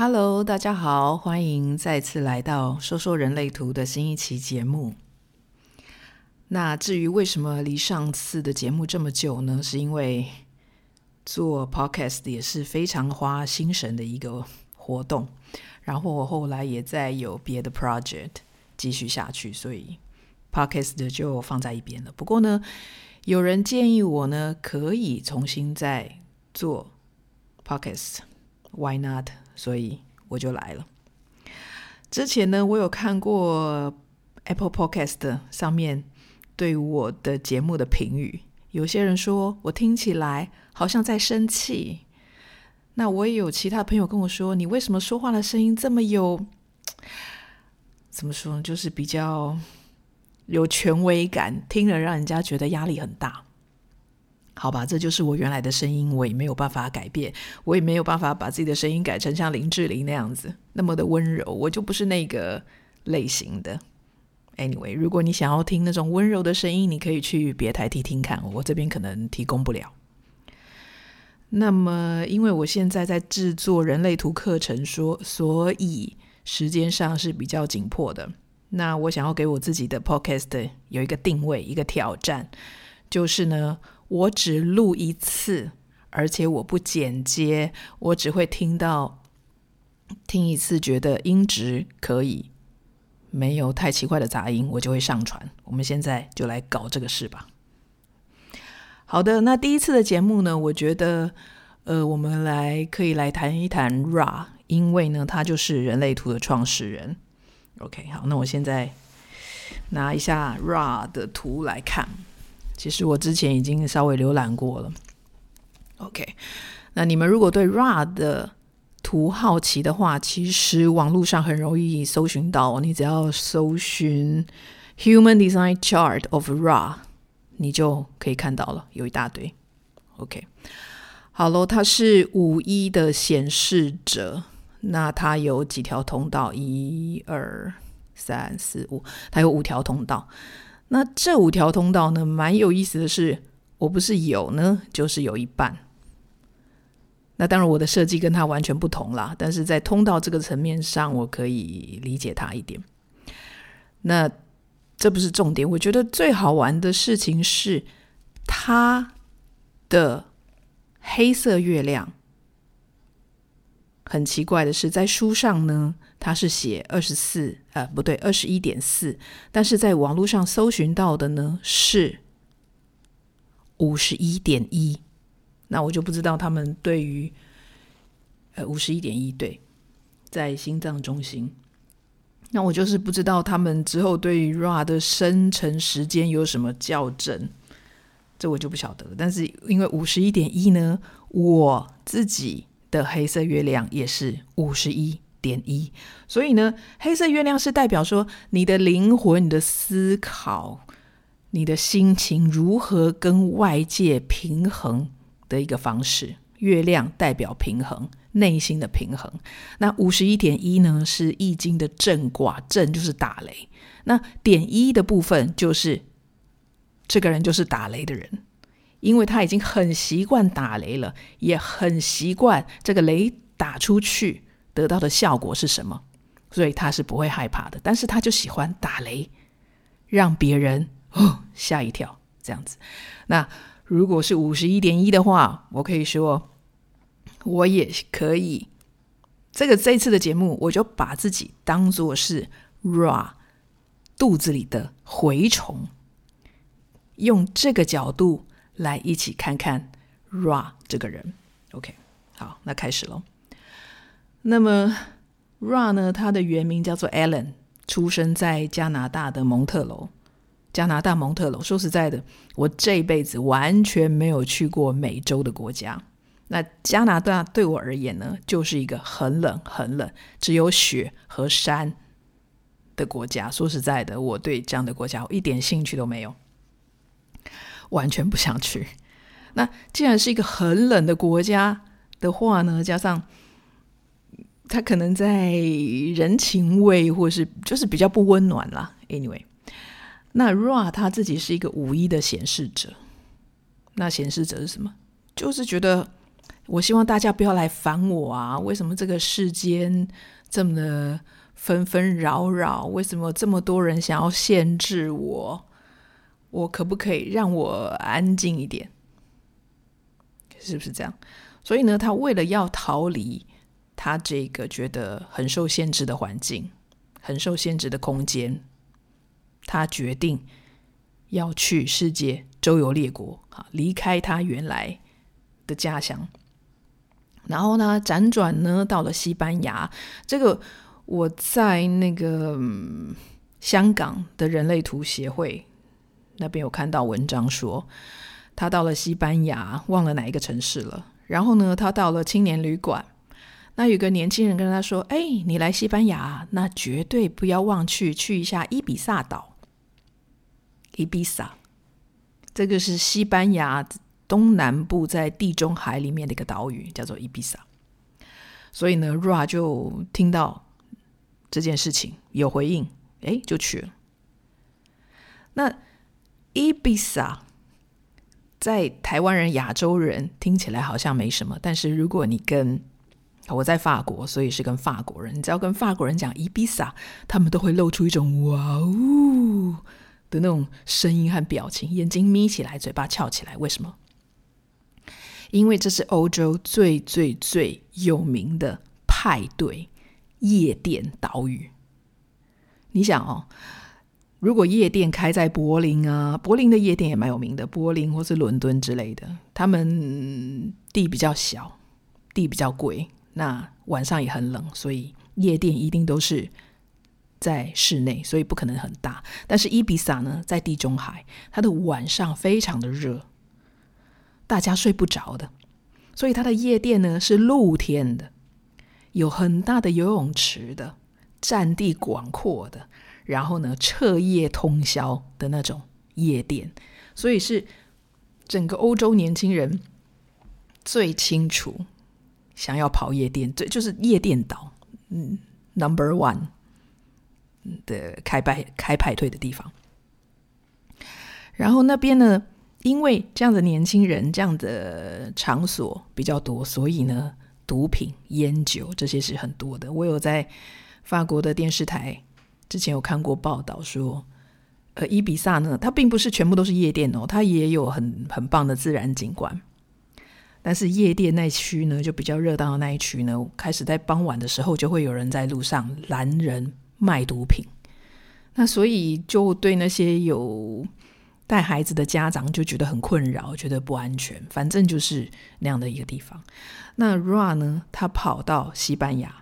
Hello，大家好，歡迎再次來到《說說人類圖》的新一期節目。那至於為什麼離上次的節目這麼久呢？是因為做 Podcast 也是非常花心神的一個活動，然後我後來也在有別的 project 繼續下去，所以 Podcast 就放在一邊了。不過呢，有人建議我呢，可以重新再做 Podcast。Why not？所以我就來了。之前呢，我有看過 Apple Podcast 上面對我的節目的評語，有些人說我聽起來好像在生氣。那我也有其他朋友跟我說，你為什麼說話的聲音這麼有，怎麼說呢？就是比較有權威感，聽了讓人家覺得壓力很大。好吧，這就是我原來的聲音，我也沒有辦法改變，我也沒有辦法把自己的聲音改成像林志玲那樣子那麼的溫柔，我就不是那個類型的。Anyway，如果你想要聽那種溫柔的聲音，你可以去別台聽聽看，我這邊可能提供不了。那麼，因為我現在在製作《人類圖》課程說，所以時間上是比較緊迫的。那我想要給我自己的 Podcast 有一個定位，一個挑戰，就是呢。我只錄一次，而且我不剪接，我只會聽到聽一次，覺得音質可以，沒有太奇怪的雜音，我就會上傳。我們現在就來搞這個事吧。好的，那第一次的節目呢，我覺得，呃，我們來可以來談一談 RA，因為呢，他就是人類圖的創始人。OK，好，那我現在拿一下 RA 的圖來看。其實我之前已經稍微瀏覽過了。OK，那你們如果對 RA 的圖好奇的話，其實網絡上很容易搜尋到。你只要搜尋 “Human Design Chart of RA” 你就可以看到了，有一大堆。OK，好嘍，它是五一的顯示者，那它有幾條通道？一二三四五，它有五條通道。那這五條通道呢，蠻有意思的是，我不是有呢，就是有一半。那當然，我的設計跟他完全不同啦。但是在通道這個層面上，我可以理解他一點。那這不是重點。我覺得最好玩的事情是他的黑色月亮。很奇怪的是，在書上呢，他是寫二十四，呃，不對，二十一點四，但是在網絡上搜尋到的呢是五十一點一。那我就不知道他們對於呃五十一點一對在心臟中心。那我就是不知道他們之後對於 RA 的生成時間有什麼校正，這我就不曉得了。但是因為五十一點一呢，我自己的黑色月亮也是五十一。點一，所以呢，黑色月亮是代表說你的靈魂、你的思考、你的心情如何跟外界平衡的一個方式。月亮代表平衡，內心的平衡。那五十一點一呢，是易經的震卦，震就是打雷。那點一的部分就是，這個人就是打雷的人，因為他已經很習慣打雷了，也很習慣這個雷打出去。得到的效果是什麼？所以他是不會害怕的，但是他就喜歡打雷，讓別人哦嚇一跳，這樣子。那如果是五十一點一的話，我可以說我也可以。這個這次的節目，我就把自己當做是 RA 肚子裡的蛔蟲，用這個角度來一起看看 RA 這個人。OK，好，那開始嘍。那麼，Ra 呢？他的原名叫做 Allen，出生在加拿大的蒙特婁。加拿大蒙特婁，說實在的，我這輩子完全沒有去過美洲的國家。那加拿大對我而言呢，就是一個很冷、很冷，只有雪和山的國家。說實在的，我對這樣的國家，我一點興趣都沒有，完全不想去。那既然是一個很冷的國家的話呢，加上他可能在人情味，或是就是比較不溫暖啦 Anyway，那 Ra 他自己是一個五一、e、的顯示者。那顯示者是什麼？就是覺得我希望大家不要來煩我啊！為什麼這個世間這麼的紛紛擾擾？為什麼這麼多人想要限制我？我可不可以讓我安靜一點？是不是這樣？所以呢，他為了要逃離。他這個覺得很受限制的環境，很受限制的空間，他決定要去世界周遊列國啊，離開他原來的家鄉。然後呢，輾轉呢到了西班牙。這個我在那個、嗯、香港的人類圖協會那邊有看到文章說，他到了西班牙，忘了哪一個城市了。然後呢，他到了青年旅館。那有個年輕人跟他說：“哎，你來西班牙，那絕對不要忘去去一下伊比薩島。伊比薩，這個是西班牙東南部在地中海裡面的一個島嶼，叫做伊比薩。所以呢，Ra 就聽到這件事情有回應，哎，就去了。那伊比薩在台灣人、亞洲人聽起來好像沒什麼，但是如果你跟……我在法國，所以是跟法國人。你只要跟法國人講伊比薩，他們都會露出一種“哇哦”的那種聲音和表情，眼睛眯起來，嘴巴翹起來。為什麼？因為這是歐洲最最最有名的派對夜店島嶼。你想哦，如果夜店開在柏林啊，柏林的夜店也蠻有名的，柏林或是倫敦之類的，他們地比較小，地比較貴。那晚上也很冷，所以夜店一定都是在室內，所以不可能很大。但是伊比薩呢，在地中海，它的晚上非常的熱，大家睡不着的，所以它的夜店呢是露天的，有很大的游泳池的，佔地廣闊的，然後呢徹夜通宵的那種夜店，所以是整個歐洲年輕人最清楚，想要跑夜店，對，就是夜店島，嗯，Number One 的開派開派對的地方。然後那邊呢，因為這樣的年輕人、這樣的場所比較多，所以呢，毒品、煙酒這些是很多的。我有在法國的電視台之前有看過報道說，呃，伊比薩呢，它並不是全部都是夜店哦，它也有很很棒的自然景觀。但是夜店那一區呢，就比較熱鬧的那一區呢，開始在傍晚的時候就會有人在路上攔人賣毒品，那所以就對那些有帶孩子的家長就覺得很困擾，覺得不安全。反正就是那樣的一個地方。那 Ra 呢，他跑到西班牙，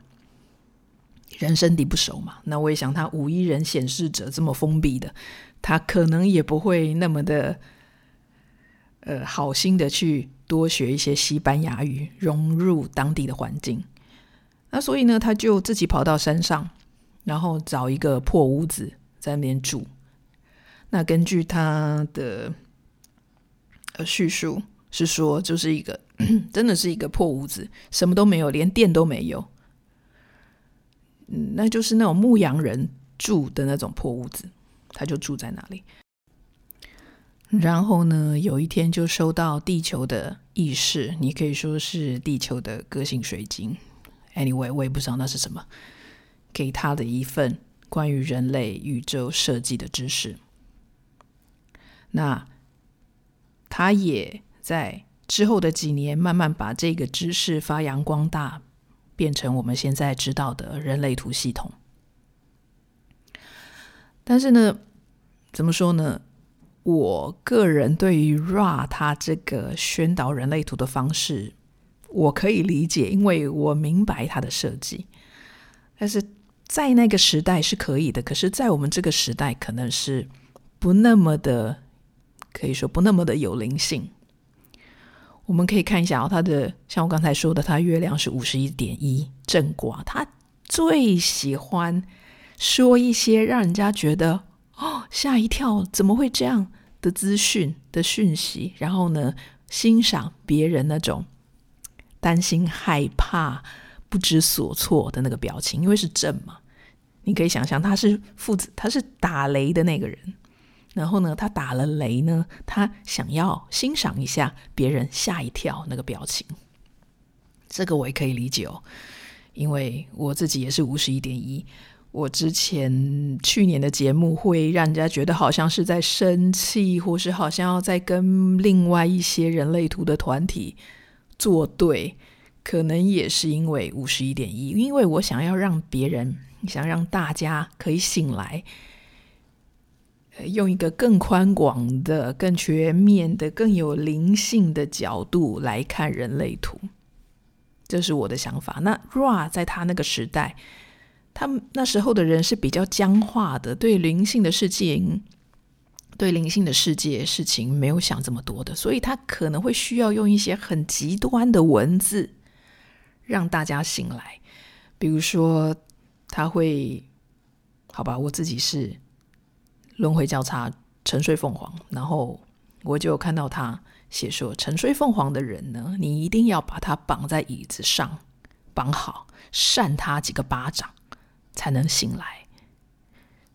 人生地不熟嘛，那我也想他五一人顯示者這麼封閉的，他可能也不會那麼的。呃，好心的去多學一些西班牙語，融入當地的環境。那所以呢，他就自己跑到山上，然後找一個破屋子在那邊住。那根據他的敘述是說，就是一個 真的是一個破屋子，什麼都沒有，連電都沒有。嗯，那就是那種牧羊人住的那種破屋子，他就住在那裡。然後呢，有一天就收到地球的意識，你可以說是地球的個性水晶。Anyway，我也不知道那是什麼，給他的一份關於人類宇宙設計的知識。那他也在之後的幾年慢慢把這個知識發揚光大，變成我們現在知道的人類圖系統。但是呢，怎麼說呢？我個人對於 RA 他它這個宣導人類圖的方式，我可以理解，因為我明白它的設計。但是在那個時代是可以的，可是，在我們這個時代，可能是不那麼的，可以說不那麼的有靈性。我們可以看一下啊、哦，他的像我剛才說的，他的月亮是五十一點一正卦，他最喜歡說一些讓人家覺得哦嚇一跳，怎麼會這樣？的資訊的訊息，然後呢，欣賞別人那種擔心、害怕、不知所措的那個表情，因為是正嘛，你可以想象他是負責他是打雷的那個人，然後呢，他打了雷呢，他想要欣賞一下別人嚇一跳那個表情，這個我也可以理解哦，因為我自己也是五十一點一。我之前去年的節目會讓人家覺得好像是在生氣，或是好像要在跟另外一些人類圖的團體作對，可能也是因為五十一點一，因為我想要讓別人，想讓大家可以醒來，呃，用一個更寬廣的、更全面的、更有靈性的角度來看人類圖，這是我的想法。那 Ra 在他那個時代。他們那時候的人是比較僵化的，對靈性的世界，對靈性的世界事情沒有想這麼多的，所以他可能會需要用一些很極端的文字讓大家醒來。比如說，他會，好吧，我自己是輪回交叉沉睡鳳凰，然後我就看到他寫說，沉睡鳳凰的人呢，你一定要把他綁在椅子上，綁好，扇他幾個巴掌。才能醒來。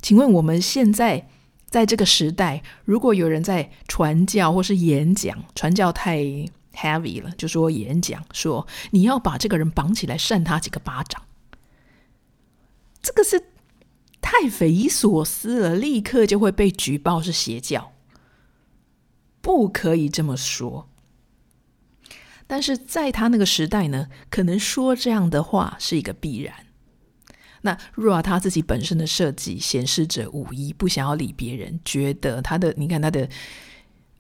請問我們現在在這個時代，如果有人在傳教或是演講，傳教太 heavy 了，就說演講，說你要把這個人綁起來扇他幾個巴掌，這個是太匪夷所思了，立刻就會被舉報是邪教，不可以這麼說。但是在他那個時代呢，可能說這樣的話是一個必然。那若啊，他自己本身的設計顯示着五一不想要理別人，覺得他的，你看他的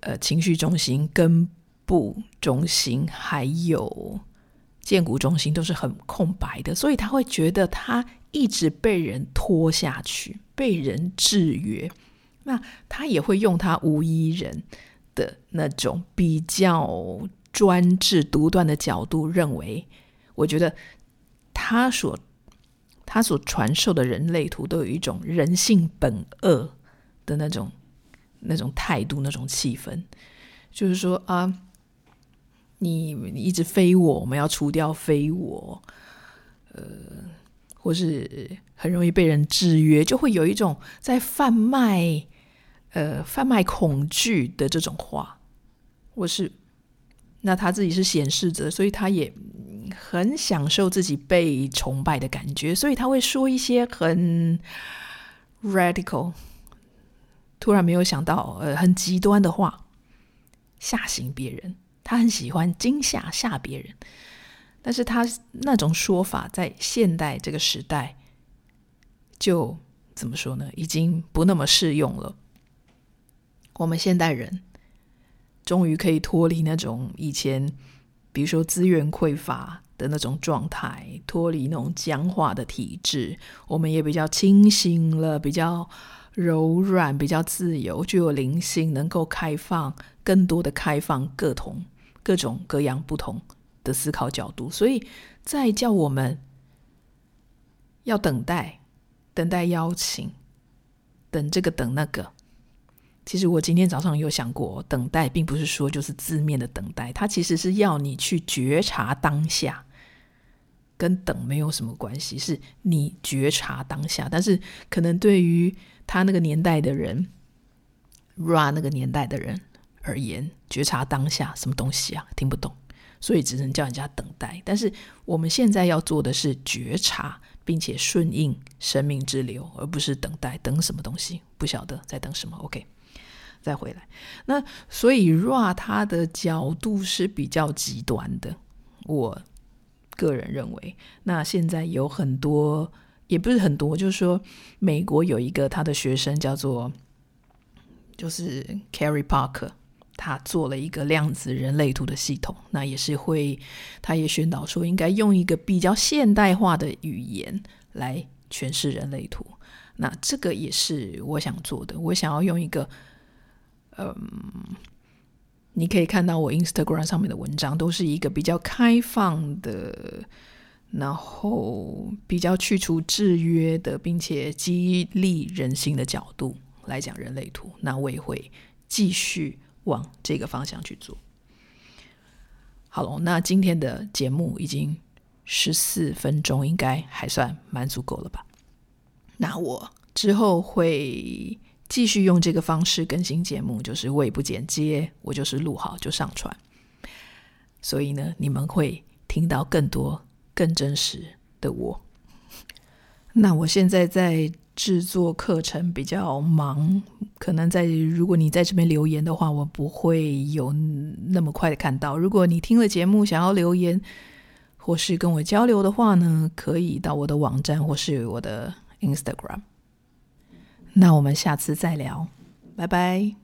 呃情緒中心、根部中心，還有薦骨中心都是很空白的，所以他會覺得他一直被人拖下去，被人制約。那他也會用他五一人的那種比較專制、獨斷的角度，認為我覺得他所。他所傳授的人類圖都有一種人性本惡的那種、那種態度、那種氣氛，就是說啊你，你一直非我，我們要除掉非我，呃，或是很容易被人制約，就會有一種在販賣呃販賣恐懼的這種話，或是。那他自己是顯示者，所以他也很享受自己被崇拜的感覺，所以他會說一些很 radical，突然沒有想到，呃，很極端的話，嚇醒別人。他很喜歡驚嚇嚇別人，但是他那種說法在現代這個時代，就怎麼說呢？已經不那麼適用了。我們現代人。終於可以脫離那種以前，比如說資源匱乏的那種狀態，脫離那種僵化的體制，我們也比較清醒了，比較柔軟，比較自由，具有靈性，能夠開放更多的開放各同，各種各種各樣不同的思考角度，所以再叫我們要等待，等待邀請，等這個，等那個。其實我今天早上有想過，等待並不是說就是字面的等待，它其實是要你去覺察當下，跟等沒有什麼關係，是你覺察當下。但是可能對於他那個年代的人，RA 那個年代的人而言，覺察當下什麼東西啊？聽不懂，所以只能叫人家等待。但是我們現在要做的是覺察，並且順應生命之流，而不是等待等什麼東西，不曉得在等什麼。OK。再回來，那所以 Ra 它的角度是比較極端的，我個人認為。那現在有很多，也不是很多，就是說，美國有一個他的學生叫做，就是 Carrie Parker，他做了一個量子人類圖的系統，那也是會，他也宣導說應該用一個比較現代化的語言來詮釋人類圖，那這個也是我想做的，我想要用一個。嗯，um, 你可以看到我 Instagram 上面的文章都是一個比較開放的，然後比較去除制約的，並且激勵人心的角度來講人類圖，那我也會繼續往這個方向去做。好了，那今天的節目已經十四分鐘，應該還算蠻足夠了吧？那我之後會。繼續用這個方式更新節目，就是未不剪接，我就是錄好就上傳，所以呢，你們會聽到更多更真實的我。那我現在在制作課程，比較忙，可能在如果你在這邊留言的話，我不會有那麼快的看到。如果你聽了節目想要留言或是跟我交流的話呢，可以到我的網站或是我的 Instagram。那我們下次再聊，拜拜。